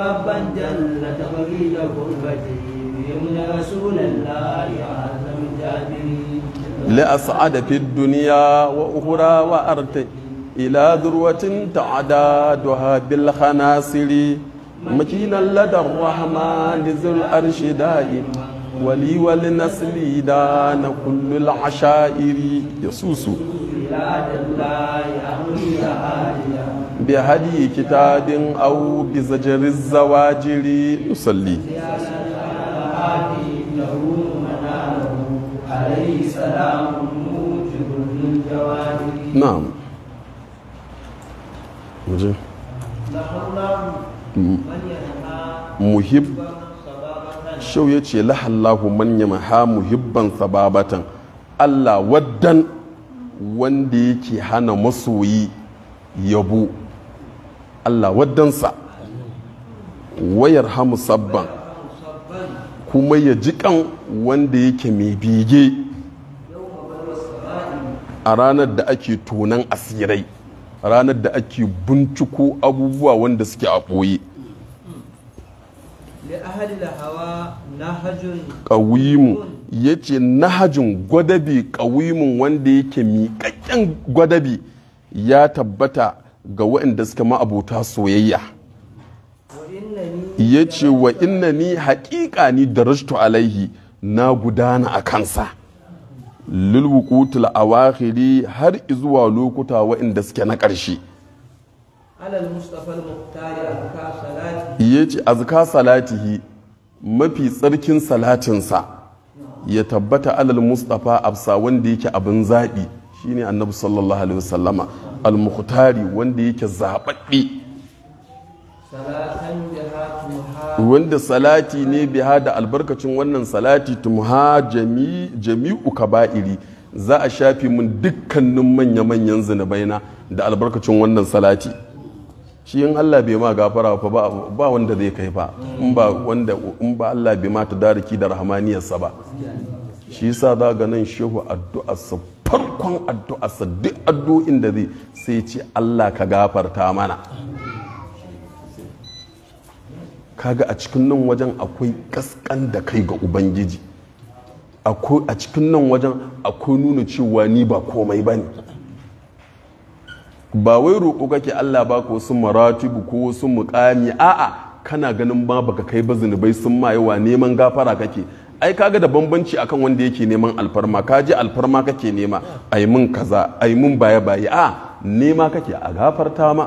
ربا جل تبغي قربتي يمنى رسول الله اعظم جابري لأسعد في الدنيا وأخرى وأرت إلى ذروة تعدادها بالخناصر مكينا لدى الرحمن ذو الأرش دائم ولي ولنسلي دان كل العشائر يسوس إلى الله أهل بهدي كتاد أو بزجر الزواجر يصلي عليه سلام نعم muhib shau ya ce lahallahu manya maha muhibban sababatan Allah waddan wanda yake hana masoyi yabo Allah waddansa wayar hamu sabban kuma ya jiƙan wanda yake mai bege a ranar da ake tonan asirai ranar da ake binciko abubuwa wanda suke a ɓoye ƙawimu ya ce nahajin gwadabi ƙawimun wanda yake miƙaƙƙen gwadabi ya tabbata ga waɗanda suka ma'abota soyayya ya ce wa inna ni haƙiƙa ni da rashtu alaihi na gudana a kansa lulwukutul awakhiri har izuwa lokuta waɗanda suke na ƙarshe ya ce azka salatihi mafi tsarkin salatinsa ya tabbata alal mustapha absa wanda yake abin zaɓi shine annabi sallallahu alaihi wasallama al-mukhtari wanda yake zaɓaɓɓe wanda salati ne biha da albarkacin wannan salati tumha jami'u kaba'iri za a shafi mun dukkanin manya-manyan zinubaina da albarkacin wannan salati shi in Allah bai ma gafara fa ba wanda zai kai in ba in ba Allah bai ma ta dariki da rahmaniyarsa ba shi yasa za ga nan shehu addu'ar farkon addu'arsa duk addu'in da zai sai ce Allah ka gafarta mana kaga a cikin nan wajen akwai kaskan da kai ga ubangiji a cikin nan wajen akwai nuna cewa ni ba komai ba ne ba wai roƙo kake Allah ba ko sun maratibu ko sun muƙami a'a kana ganin ba baka kai ba zunubai sun wa neman gafara kake ai kaga da bambanci akan wanda yake neman alfarma ka ji alfarma kake nema ai mun kaza ai mun baya baya a nema kake a gafarta ma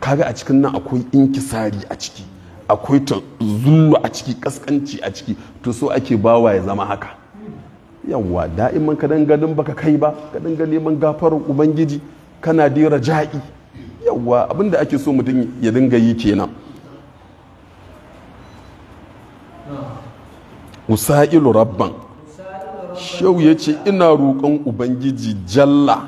kaga a cikin nan akwai inkisari a ciki akwai ta zullu a ciki kaskanci a ciki to so ake bawa ya zama haka yawwa man ka dangalin baka kai ba ka ga neman gafar ubangiji kana dira ja'i yawwa abinda ake so mutum ya dinga yi kenan usa'ilu rabban shau ya ce ina roƙon ubangiji jalla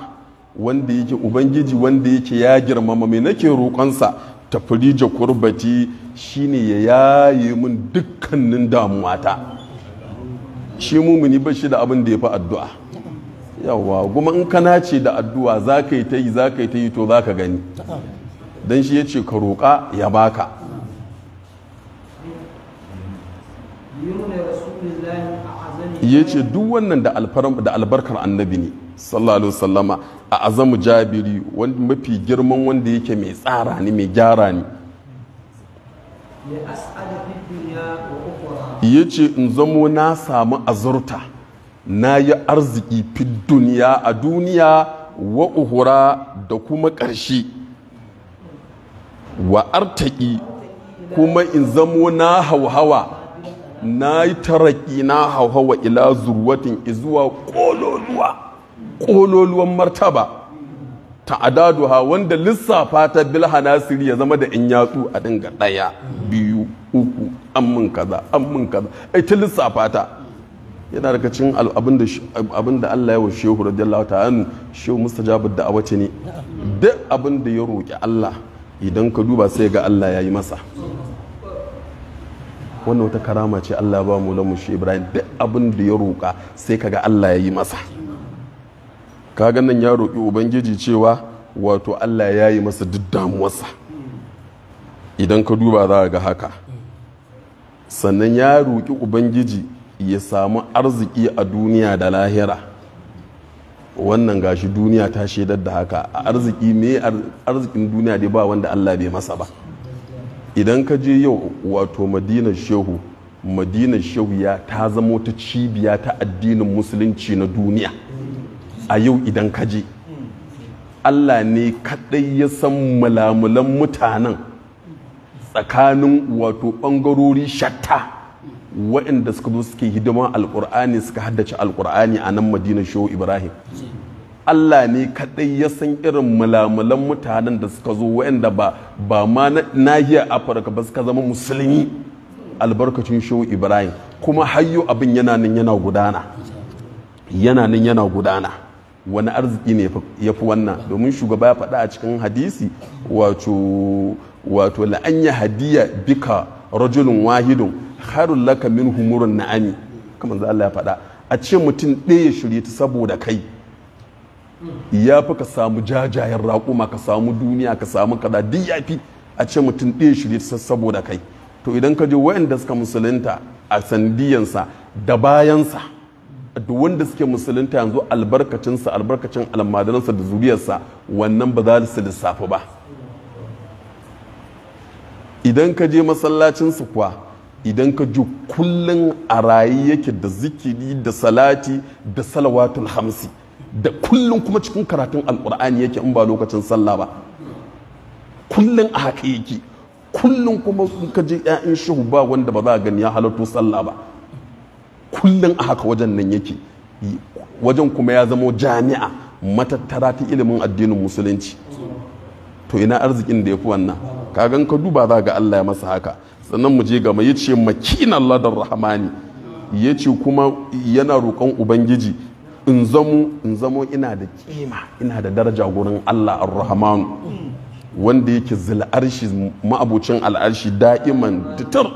wanda yake ubangiji wanda yake ya girmama me nake roƙonsa tafrija kurbati shine ya yaye min dukkanin damuwata shi mumuni ba shi da abin da ya fi addu'a yawa kuma in kana ce da addu'a za ka yi ta yi za ka yi ta yi to za ka gani don shi ya ce ka roƙa ya baka ya ce duk wannan da albarkar annabi ne sallallahu alaihi wasallama a azamu jabiri wanda mafi girman wanda yake mai tsara ne mai gyara ne ya ce in zamo na samu azurta na yi arziki fi duniya a duniya wa uhura da kuma ƙarshe wa artaki kuma in zamo na hauhawa na yi taraki na hauhawa ila zurwatin izuwa kololuwa kololuwan martaba ta adaduha wanda lissafa ta bilha siri ya zama da in yatsu a dinga ɗaya biyu uku an mun kaza an mun kaza ai ta lissafa ta yana daga cikin abin da Allah ya wa shehu radiyallahu ta'ala shehu mustajabu da'awa ce ne duk abinda ya roki Allah idan ka duba sai ga Allah ya yi masa wannan wata karama ce Allah ba mu lamu shi Ibrahim duk abin da ya roƙa sai kaga Allah ya yi masa Ka nan ya roƙi ubangiji cewa wato Allah ya yi masa duk damuwarsa idan ka duba za ga haka sannan ya roƙi ubangiji ya samu arziki a duniya da lahira wannan gashi duniya ta shaidar da haka a arziki me arzikin duniya dai ba wanda Allah bai masa ba idan ka je yau wato madinar shehu madinar shehu ya ta zama ta cibiya ta addinin musulunci na duniya a yau idan ka je allah ne kaɗai ya san malamulan mutanen tsakanin wato ɓangarori shatta waɗanda suka zo suke hidiman alƙur'ani suka haddace alƙur'ani a nan madinar shehu ibrahim Allah ne kaɗai ya san irin mulamulan mutanen da suka zo waɗanda ba ba ma nahiyar Afirka ba suka zama musulmi albarkacin shehu Ibrahim kuma hayyo abin yana nan yana gudana yana nan yana gudana wani arziki ne ya fi wannan domin shugaba ya faɗa a cikin hadisi wato la'anya hadiya bika rajulun wahidun harun laka min humurun na'ami kamar za Allah ya faɗa a ce mutum ɗaya shirye ta saboda kai ya fi ka samu jajayen raƙuma ka samu duniya ka samu kaza duk ya fi a ce mutum ɗaya shirye ta saboda kai to idan ka je wayanda suka musulunta a sandiyansa da bayansa da wanda suke musulunta yanzu albarkacinsa albarkacin almadanansa da zuriyarsa wannan ba za su lissafi ba idan ka je masallacinsu kuwa idan ka ji kullum a rayi yake da zikiri da salati da salawatul hamsi da kullum kuma cikin karatun alkur'ani yake in ba lokacin sallah ba kullum a haka yake kullum kuma in ka je ƴaƴan ba wanda ba za a gani ya halatto sallah ba kullum a haka wajen nan yake wajen kuma ya zamo jami'a matattara ta ilimin addinin musulunci to ina arzikin da ya fi wannan gan ka duba za ga Allah ya masa haka sannan mu je gama ya ce makinan ladar rahamani ya ce kuma yana roƙon ubangiji in zamo in zamo ina da kima ina da daraja gurin Allah ar-Rahman wanda yake zil arshi ma'abucin al'arshi da'iman titir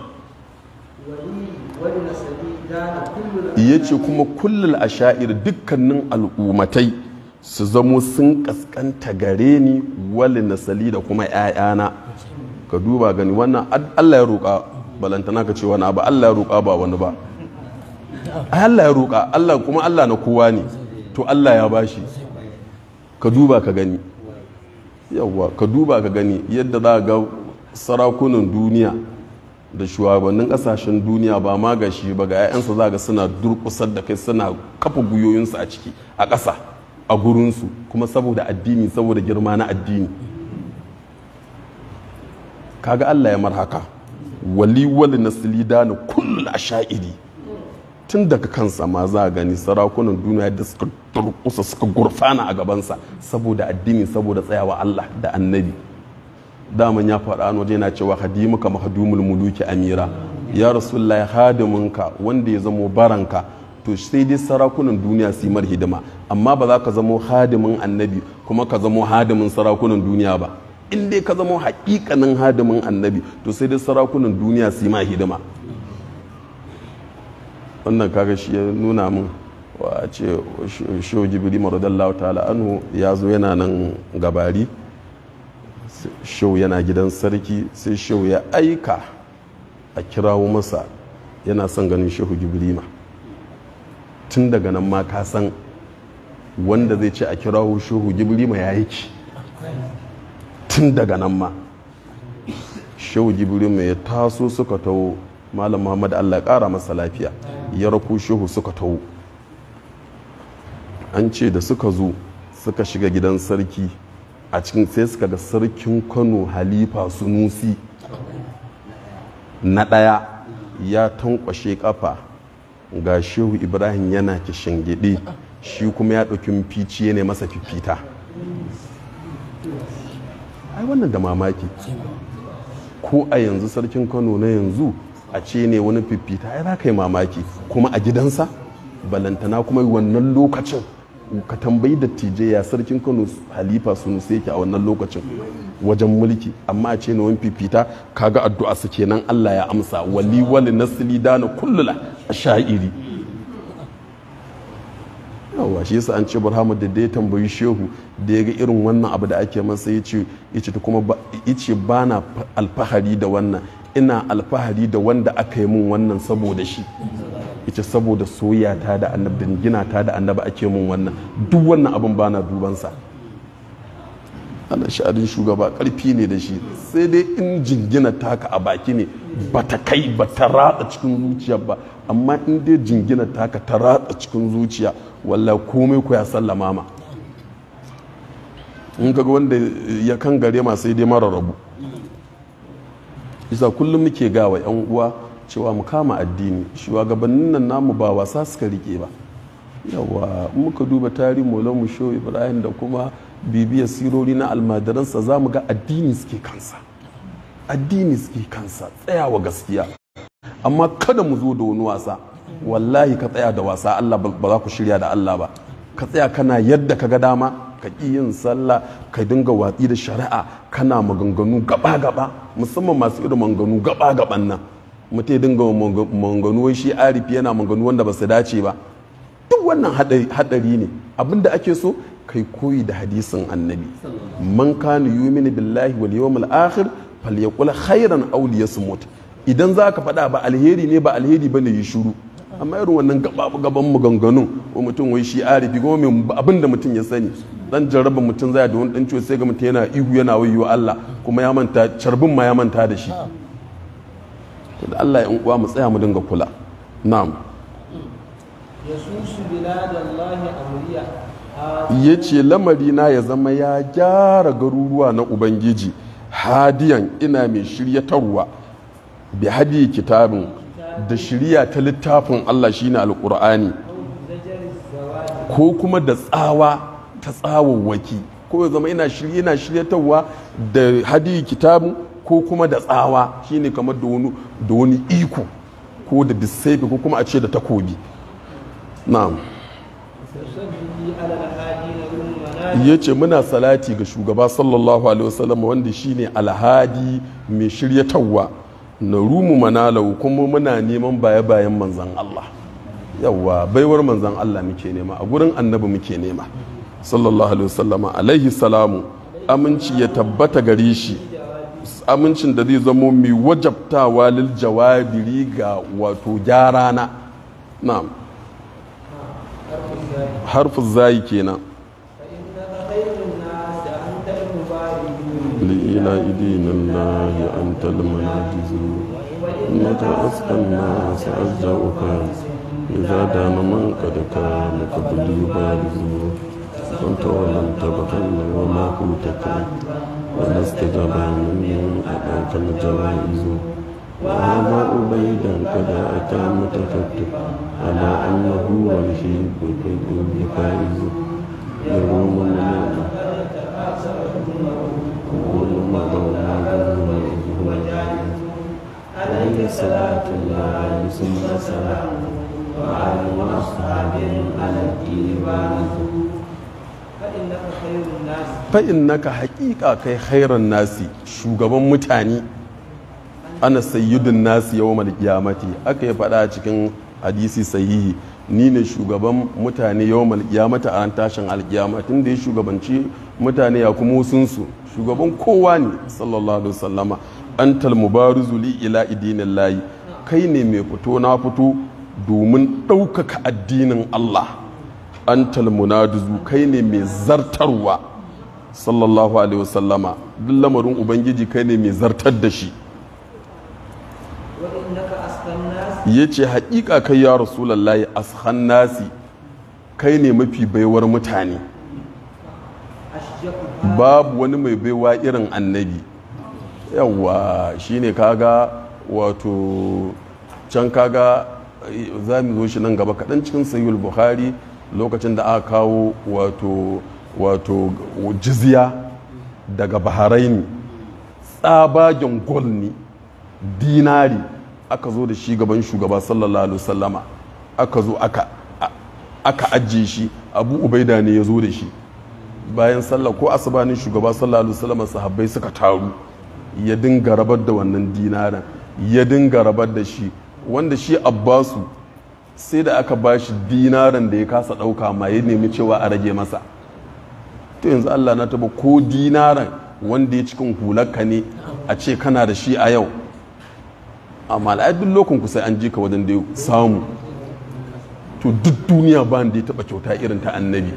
ya ce kuma kullul asha'ir dukkanin al'ummatai su zamo sun kaskanta gare ni wali nasali da kuma 'ya'yana ka duba gani wannan Allah ya roƙa balantana ka ce wani abu Allah ya roƙa ba wani ba ai Allah ya roƙa Allah kuma Allah na kowa ne to Allah ya bashi ka duba ka gani yawwa ka duba ka gani yadda za ga sarakunan duniya da shugabannin kasashen duniya ba ma ga shi ba ga 'ya'yansa za ga suna durƙusar da kai suna kafa guyoyinsu a ciki a ƙasa a gurinsu kuma saboda addini saboda girma na addini kaga Allah ya marhaka wali wali na na kullum a asha'iri tun daga kansa ma za a gani sarakunan duniya da suka turkusa suka gurfana a gabansa saboda addini saboda tsayawa Allah da annabi daman ya faɗa an waje yana cewa hadimuka mahadumul muluki amira ya rasu ya hadiminka wanda ya zamo baranka to sai dai sarakunan duniya su mar hidima amma ba za ka zamo hadimin annabi kuma ka zamo hadimin sarakunan duniya ba in dai ka zamo haƙiƙanin hadimin annabi to sai dai sarakunan duniya su ma hidima wannan kaga shi ya nuna min a ce shiwu jibiri maradallahu ta'ala anhu ya zo yana nan gabari shiwu yana gidan sarki sai shiwu ya aika a kirawo masa yana son ganin shiwu jibirima tun daga nan ma ka san wanda zai ce a kirawo shiwu jibirima ya yi ki tun daga nan ma shiwu ma ya taso suka taho malam muhammad allah ya kara masa lafiya ya raku shehu suka taho an ce da suka zo suka shiga gidan sarki a cikin sai suka ga sarkin kano halifa su sunusi na ɗaya ya tankwashe kafa ga shehu ibrahim yana gyaɗe shi kuma ya ɗauki fici ne masa fifita ai wannan da mamaki ko a yanzu sarkin kano na yanzu a ce ne wani fifita ya za ka mamaki kuma a gidansa balantana kuma wannan lokacin ka tambayi dattijai ya sarkin kano halifa sun sai yake a wannan lokacin wajen mulki amma a ce ne wani fifita ga addu'a su kenan Allah ya amsa wali wali nasili dana kullula sha'iri yawa shi yasa an ce Burhamu da dai tambayi shehu da ya ga irin wannan abu da ake masa ya ce kuma ya ce ba na alfahari da wannan ina alfahari da wanda aka yi min wannan saboda shi ita saboda soyayya ta da annabi gina ta da annaba ake min wannan duk wannan abin bana duban sa ana sha'adin shugaba karfi ne da shi sai dai in jingina taka a baki ne bata kai ba ta ratsa cikin zuciya ba amma in dai jingina taka ta ratsa cikin zuciya walla komai ku ya sallama ma in kaga wanda ya kan gare ma sai dai mara rabu isa kullum muke gawa yan uwa cewa mu kama addini shugabannin nan namu ba wasa suka rike ba yawa muka duba molon mu sho ibrahim da kuma bibiyar sirori na almajiransa za mu ga addini suke kansa addini suke kansa tsayawa gaskiya amma kada mu zo da wani wasa wallahi ka tsaya da wasa allah ba za ku shirya da allah ba ka tsaya kana yadda ka ga dama ka ƙi yin sallah ka dinga watsi da shari'a kana maganganu gaba-gaba musamman masu irin maganganu gaba-gaban nan mutai dinga maganganu wai shi arifi yana maganganu wanda ba su dace ba duk wannan hadari ne abin da ake so kai koyi da hadisin annabi man kana yuminu billahi wal yawmil akhir falyaqul khairan aw liyasmut idan zaka faɗa ba alheri ne ba alheri bane yi shiru amma irin wannan gababu gaban maganganun wa mutum wai shi arifi ko mai abin da mutum ya sani dan jarabar mutum zai da wani dan ciwo sai ga mutum yana ihu yana wayo Allah kuma ya manta carbin ma ya manta da shi to da Allah ya uwa mu tsaya mu dinga kula na'am yasusu biladallahi amriya ya ce na ya zama ya gyara garuruwa na ubangiji hadiyan ina mai shiryatarwa bi hadi kitabin da shirya ta littafin Allah shine alkur'ani ko kuma da tsawa ta tsawawwaki ko ya zama ina shirya ina shiryatarwa da hadiyi kitabu ko kuma da tsawa shine kamar da wani iko ko da disaifi ko kuma a ce da takobi na'am ya ce muna salati ga shugaba sallallahu alaihi wasallam wanda shine alhadi mai shiryatarwa na rumu manalau kuma muna neman baya-bayan manzan Allah yawwa baiwar manzan Allah muke nema a gurin annabi muke nema sallallahu alaihi wasallama alaihi salamu aminci ya tabbata gare shi amincin da zai zamo mai wajabtawa lil jawabiri ga wato gyara na harfin zai kenan إلى إدين الله أنت المناجز إنك أسقى الناس أرجوك إذا دام من قد كان قبلي بارز كنت ولم تبخل وما كنتك ولست جبانا من أتاك الجوائز وهذا أبيدا قد أتى متفتت على أنه والشيب في كل فائز يروم المنام عليه صلاة الله ثم سلامه وعلى وأصحابه على الدين بعد fa'innaka haƙiƙa kai hairan nasi shugaban mutane ana sayyidun nasi yau malkiyamati aka yi faɗa cikin hadisi sahihi ni ne shugaban mutane yau malkiyamata a ran tashin alkiyamatin da ya shugabanci mutane ya kuma sunsu shugaban kowa ne sallallahu alaihi sallama. antal mubarizu li ila idinin layi kai ne mai fito na fito domin ɗaukaka addinin Allah antal munadizu kai ne mai zartarwa sallallahu alaihi wasallama duk lamarin ubangiji kai ne mai zartar da shi ya ce haƙiƙa kai ya rasulallahi ashan nasi kai ne mafi baiwar mutane babu wani mai baiwa irin annabi yawwa ne kaga wato can kaga eh, za mu zo shi nan gaba kaɗan cikin sayul buhari lokacin da aka kawo wato wato jizya daga baharaini tsabagen gol ne dinari aka zo da shi gaban shugaba sallallahu alaihi wasallama aka zo aka aka ajiye shi abu ubaida ne ya zo da shi bayan sallah ko asibanin shugaba sallallahu alaihi wasallama sahabbai suka taru ya dinga rabar da wannan dinarin ya dinga rabar da shi wanda shi abbasu sai da aka ba shi dinaran da ya kasa ɗauka ma ya nemi cewa a rage masa to yanzu allah na taba ko dinaran wanda ya cikin hularka ne a ce kana da shi a yau amma al'adun lokacin ku sai an ji ka wajen da samu to duk duniya ba da ya taba kyauta irin ta annabi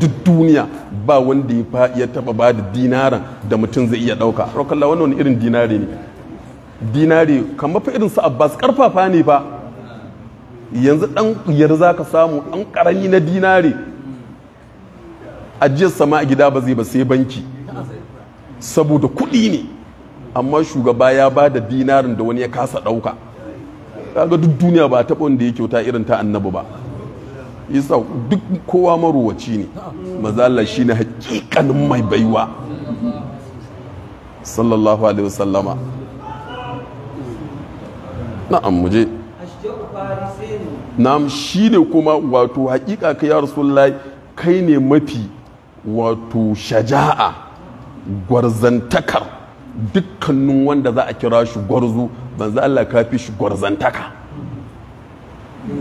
duk duniya ba wanda ya ya taba ba da dinaran da mutum zai iya dauka rokalla wannan wani irin dinari ne dinari kamar fa irin su abbas karfafa ne ba yanzu dan yar za ka samu an karami na dinari ajiyar sama a gida ba zai ba sai banki saboda kuɗi ne amma shugaba ya ba da dinarin da wani ya kasa ɗauka kaga duk duniya ba taɓa wanda ya kyauta irin ta annabi ba yasa duk kowa maruwaci ne maza Allah ne hakikanin mai baiwa sallallahu alaihi wasallama na'am muje na'am ne kuma wato hakika ka ya rasulullahi kai ne mafi wato shaja'a gwarzantakar dukkanin wanda za a kira shi gwarzo banza Allah ka fi shi gwarzantaka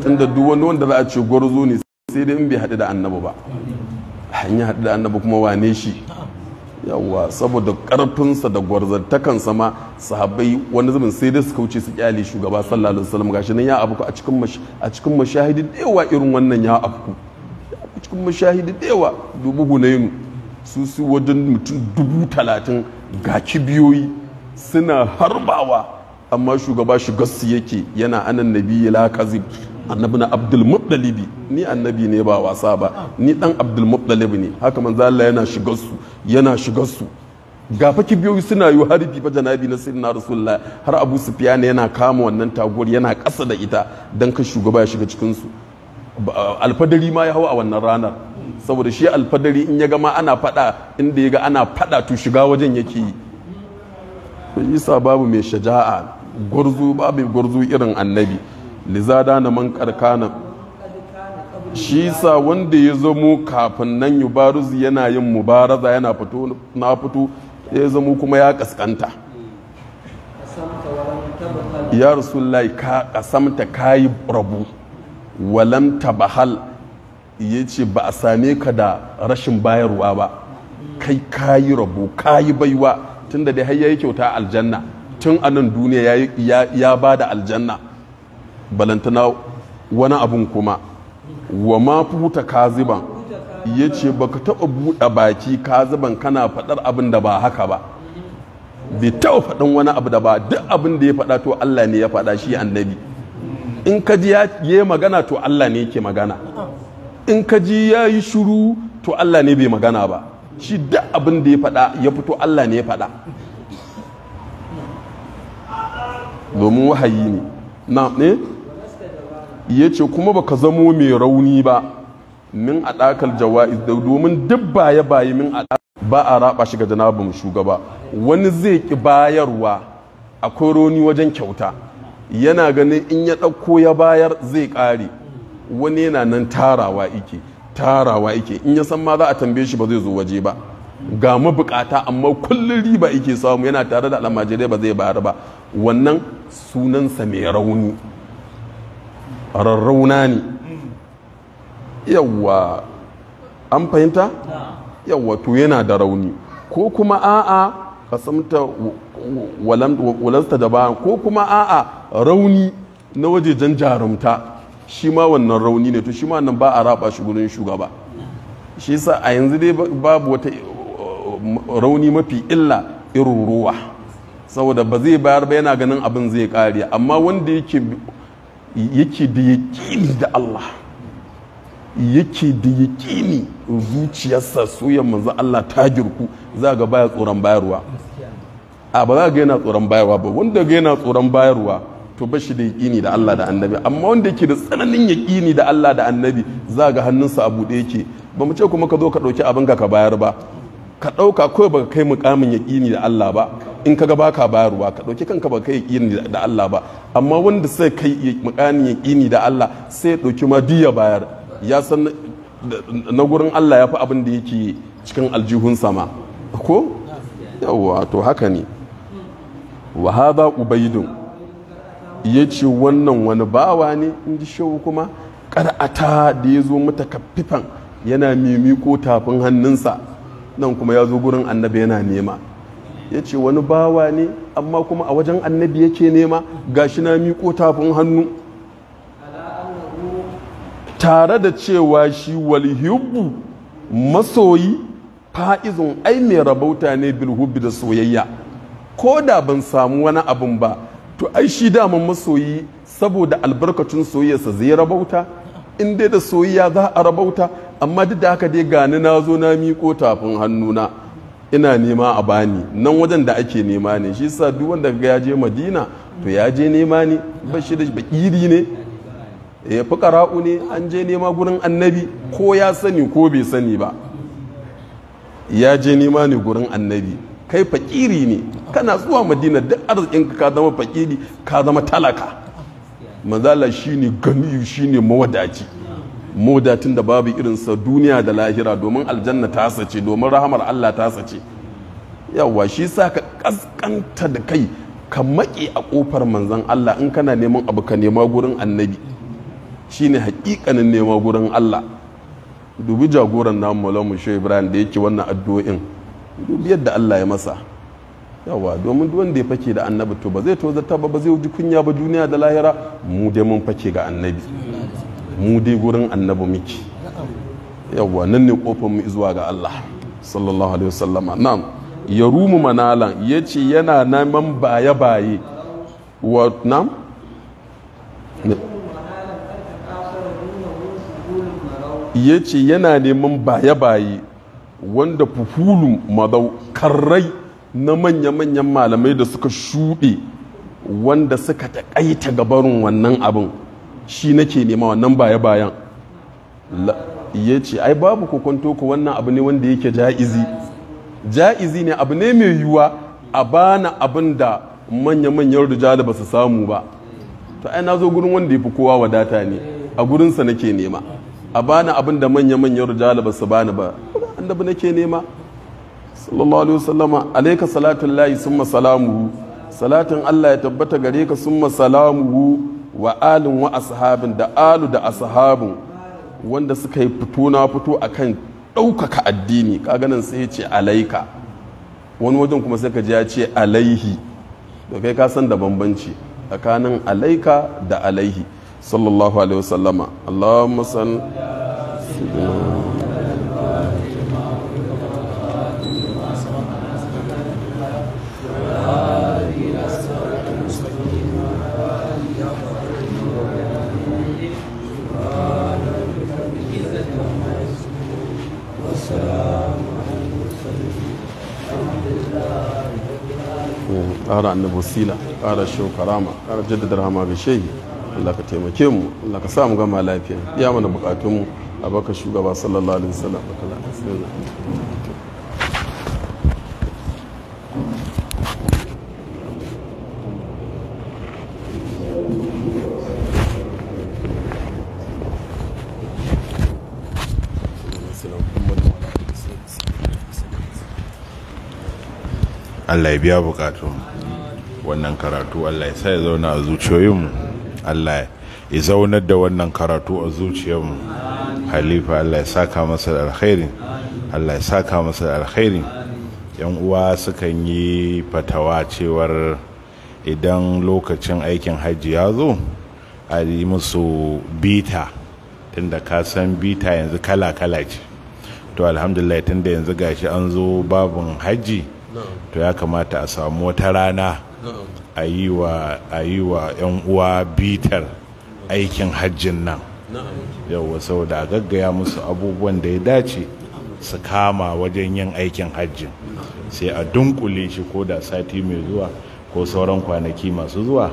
tunda duk wani wanda za a ce gwarzo ne sai dai in bai haɗu da annabi ba hanyar haɗu da annabi kuma wane shi yawa saboda ƙarfinsa da gwarzantakansa ma sahabbai wani zubin sai dai suka wuce su kyale shugaba sallallahu alaihi wasallam gashi nan ya afku a cikin a cikin mashahidi da yawa irin wannan ya afku a cikin mashahidi da yawa dubu hunainu su su wajen mutum dubu talatin ga kibiyoyi suna harbawa amma shugaba shigar yake yana anan nabi la kazib annabi na abdul mubdalibi ni annabi ne ba wasa ba ni dan abdul mubdalibi ne haka manzo Allah yana shigar su yana shigar su ga faki kibiyoyi suna yi harbi fa janabi na sayyidina rasulullah har abu sufyan yana kama wannan taguwar yana kasa da ita dan ka shugaba ya shiga cikin su alfadari ma ya hawa a wannan ranar saboda shi alfadari in ya ga ma ana fada inda ya ga ana fada to shiga wajen yake yi isa babu mai shaja'a gurzu babu gurzu irin annabi lizada na man karkana shi sa wanda ya zamo kafin nan yubaruz yana yin mubaraza yana fito na fito ya zamo kuma ya kaskanta ya rasulullahi ka kasamta kayi rabu walam tabahal ya ce ba a same ka da rashin bayarwa ba kai kayi rabu kayi baiwa tunda da har yayi kyauta aljanna tun anan duniya ya ba da aljanna balantana wani abun kuma wa ma huta kaziban ya ce ba ka taɓa buɗe baki kaziban kana faɗar abin da ba haka ba bai taɓa faɗin wani abu da ba duk abin da ya faɗa to Allah ne ya faɗa shi annabi in ka ji ya yi magana to Allah ne yake magana in ka ji ya yi shuru to Allah ne bai magana ba shi duk abin da ya faɗa ya fito Allah ne ya faɗa domin wahayi ne na ne ya ce kuma baka zamo mai rauni ba min a ɗakar jawa'iz domin duk baya bayi min a ba a raba shi ga janabin shugaba wani zai ki bayarwa akwai rauni wajen kyauta yana ganin in ya ɗauko ya bayar zai ƙare wani yana nan tarawa ike tarawa ike in ya san ma za a tambaye shi ba zai zo waje ba ga mabukata amma kullum riba ike samu yana tare da almajirai ba zai bayar ba wannan sunansa mai rauni rarrauna ne yawwa an fahimta yawwa to yana da rauni ko kuma a'a kasamta walasta da bayan ko kuma a'a rauni na wajejen jarumta shi ma wannan rauni ne to shi ma nan ba a raba shi gudun shugaba shi sa a yanzu dai babu wata rauni mafi illa irin ruwa saboda ba zai bayar ba yana ganin abin zai kare amma wanda yake yake da ya yaƙini da Allah yake da ya yaƙini zuciyarsa soyan manzo Allah ta girku za ga baya tsoron bayarwa a ba za ga yana tsoron bayarwa ba wanda ga yana tsoron bayarwa to ba shi da ya yaƙini da Allah da annabi amma wanda yake da tsananin ya yaƙini da Allah da annabi za ga hannunsa a buɗe yake ba mu ce kuma ka zo ka ɗauki abin ka bayar ba ka ɗauka kawai ka kai mukamin yaƙini da Allah ba in kaga baka bayarwa ka dauki kanka ba kai yin da Allah ba amma wanda sai kai makani kini da Allah sai dauki ma diya bayar ya san na gurin Allah ya fi abin da yake cikin aljihun sama ko yawa to haka ne wa hadha ubaidun yace wannan wani bawa ne in ji shehu kuma kar'ata da ya zo mata kaffifan yana mimiko tafin hannunsa nan kuma ya zo gurin annabi yana nema ya ce wani bawa ne amma kuma a wajen annabi yake nema ga shi na miƙo tafin hannu tare da cewa shi walhibbu masoyi fa'izun ai mai rabauta ne bilhubbi da soyayya ko da ban samu wani abin ba to ai shi daman masoyi saboda albarkacin soyayyarsa zai rabauta in dai da soyayya za a rabauta amma duk da haka dai gani na zo na miƙo tafin hannuna ina nema a bani nan wajen da ake nema ne shi sa duk wanda ga ya je madina to ya je nema ne ba shi da bakiri ne ya eh, fi ƙara'u ne an je nema gurin annabi ko ya sani ko bai sani ba ya je nema ne gurin annabi kai fakiri ne kana zuwa madina duk arzikin ka zama fakiri ka zama talaka manzala shine gani shine mawadaci modatin da babu irinsa duniya da lahira domin aljanna ta sace domin rahamar Allah ta sace yawa shi sa ka kaskanta da kai ka maƙe a ƙofar manzan Allah in kana neman abu ka nema gurin annabi shine haƙiƙanin nema gurin Allah dubi jagoran na Maulana shi Ibrahim da yake wannan addu'o'in dubi yadda Allah ya masa yawa domin duk wanda ya fake da annabi to ba zai tozarta ba ba zai ji kunya ba duniya da lahira mu dai mun fake ga annabi mu dai gurin annabi miki yawwa nan ne kofar mu zuwa ga Allah sallallahu alaihi wasallam na'am ya rumu manalan ya ce yana naman baye-baye wa nam ya ce yana neman baye-baye wanda fuhulu madau karrai na manya-manyan malamai da suka shuɗe wanda suka taƙaita gabarin wannan abin shi nake nema wannan baya bayan ya ce ai babu kokonto ku wannan abu ne wanda yake ja'izi ja'izi ne abu ne mai yiwuwa a bana abin da manya-manyan rijali ba su samu ba to ai na zo gurin wanda ya fi kowa wadata ne a gurinsa nake nema a bana abin da manya-manyan rijali ba su bani ba annabi nake nema sallallahu alaihi wasallama alaika salatun layi summa salamuhu salatin Allah ya tabbata gare ka sun masalamu wa alin wa ashabin da alu da ashabin wanda suka yi fito na fito akan ɗaukaka addini ka ganin sai ce alaika wani wajen kuma sai ka ji ya ce alaihi da kai ka san da bambanci tsakanin alaika da alaihi sallallahu alaihi wasallama allahumma san ƙara annabi wasila ƙara shehu karama ƙara jaddada rahama ga shehi Allah ka taimake mu Allah ka sa mu gama lafiya iya mana bukatun mu a baka shugaba sallallahu alaihi wasallam Allah ya biya mu. wannan karatu Allah ya sa ya zauna a zuciyoyinmu Allah ya zaunar da wannan karatu a zuciyarmu halifa Allah ya saka masa da alkhairi Allah ya saka masa da alkhairi yan uwa sukan yi fatawa cewar idan lokacin aikin hajji ya zo a yi musu bita tunda ka san bita yanzu kala-kala ce to alhamdulillah tunda yanzu gashi an zo babin hajji to ya kamata a samu wata rana a yi wa 'yan uwa bitar aikin hajjin nan yau saboda a gaggaya musu abubuwan da ya dace su kama wajen yin aikin hajjin sai a dunkule shi ko da sati mai zuwa ko sauran kwanaki masu zuwa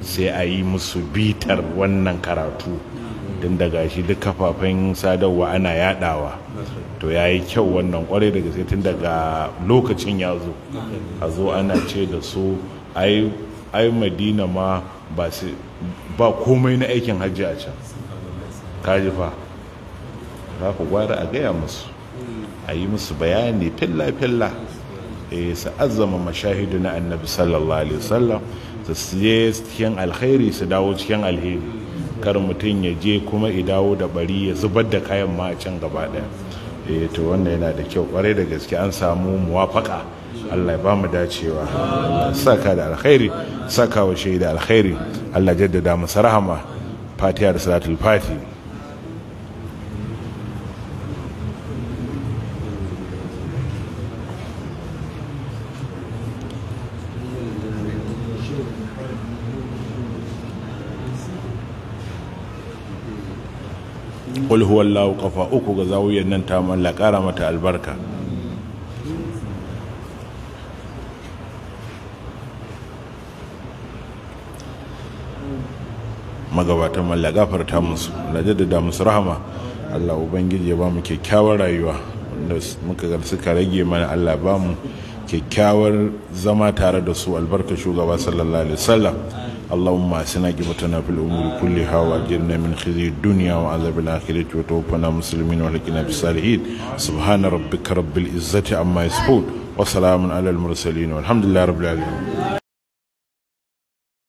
sai a yi musu bitar wannan karatu tun daga shi duk kafafen sadarwa ana yadawa to ya yi kyau wannan kwarai daga sai tun daga lokacin ya zo a zo ana ce da su ai madina ma ba komai na aikin hajji a can kaji fa za ku gwara a gaya musu a yi musu bayani filla-filla E, su azama mashahidu na annabi sallallahu alaihi wasallam su siye cikin alkhairi su dawo cikin alheri kar mutum ya je kuma ya dawo da bari ya zubar da kayan ma a can gaba ɗaya eh to wannan yana da kyau kwarai da gaske an samu muwafaka Allah ya ba mu dacewa saka da alkhairi saka wa shaida alkhairi Allah jaddada masa rahama fatiha da salatul fati qul huwallahu ƙafa uku ga zawuyan nan ta ƙara mata albarka magabatan Allah gafarta musu Allah jaddada musu rahama Allah ubangiji ya ba mu kyakkyawar rayuwa wanda muka ga suka rage mana Allah ba mu kyakkyawar zama tare da su albarka shugaba sallallahu alaihi wasallam اللهم أسنا جبتنا في الأمور كلها وأجرنا من خزي الدنيا وعذاب الآخرة وتوفنا مسلمين ولكنا بالصالحين سبحان ربك رب العزة عما يصفون وسلام على المرسلين والحمد لله رب العالمين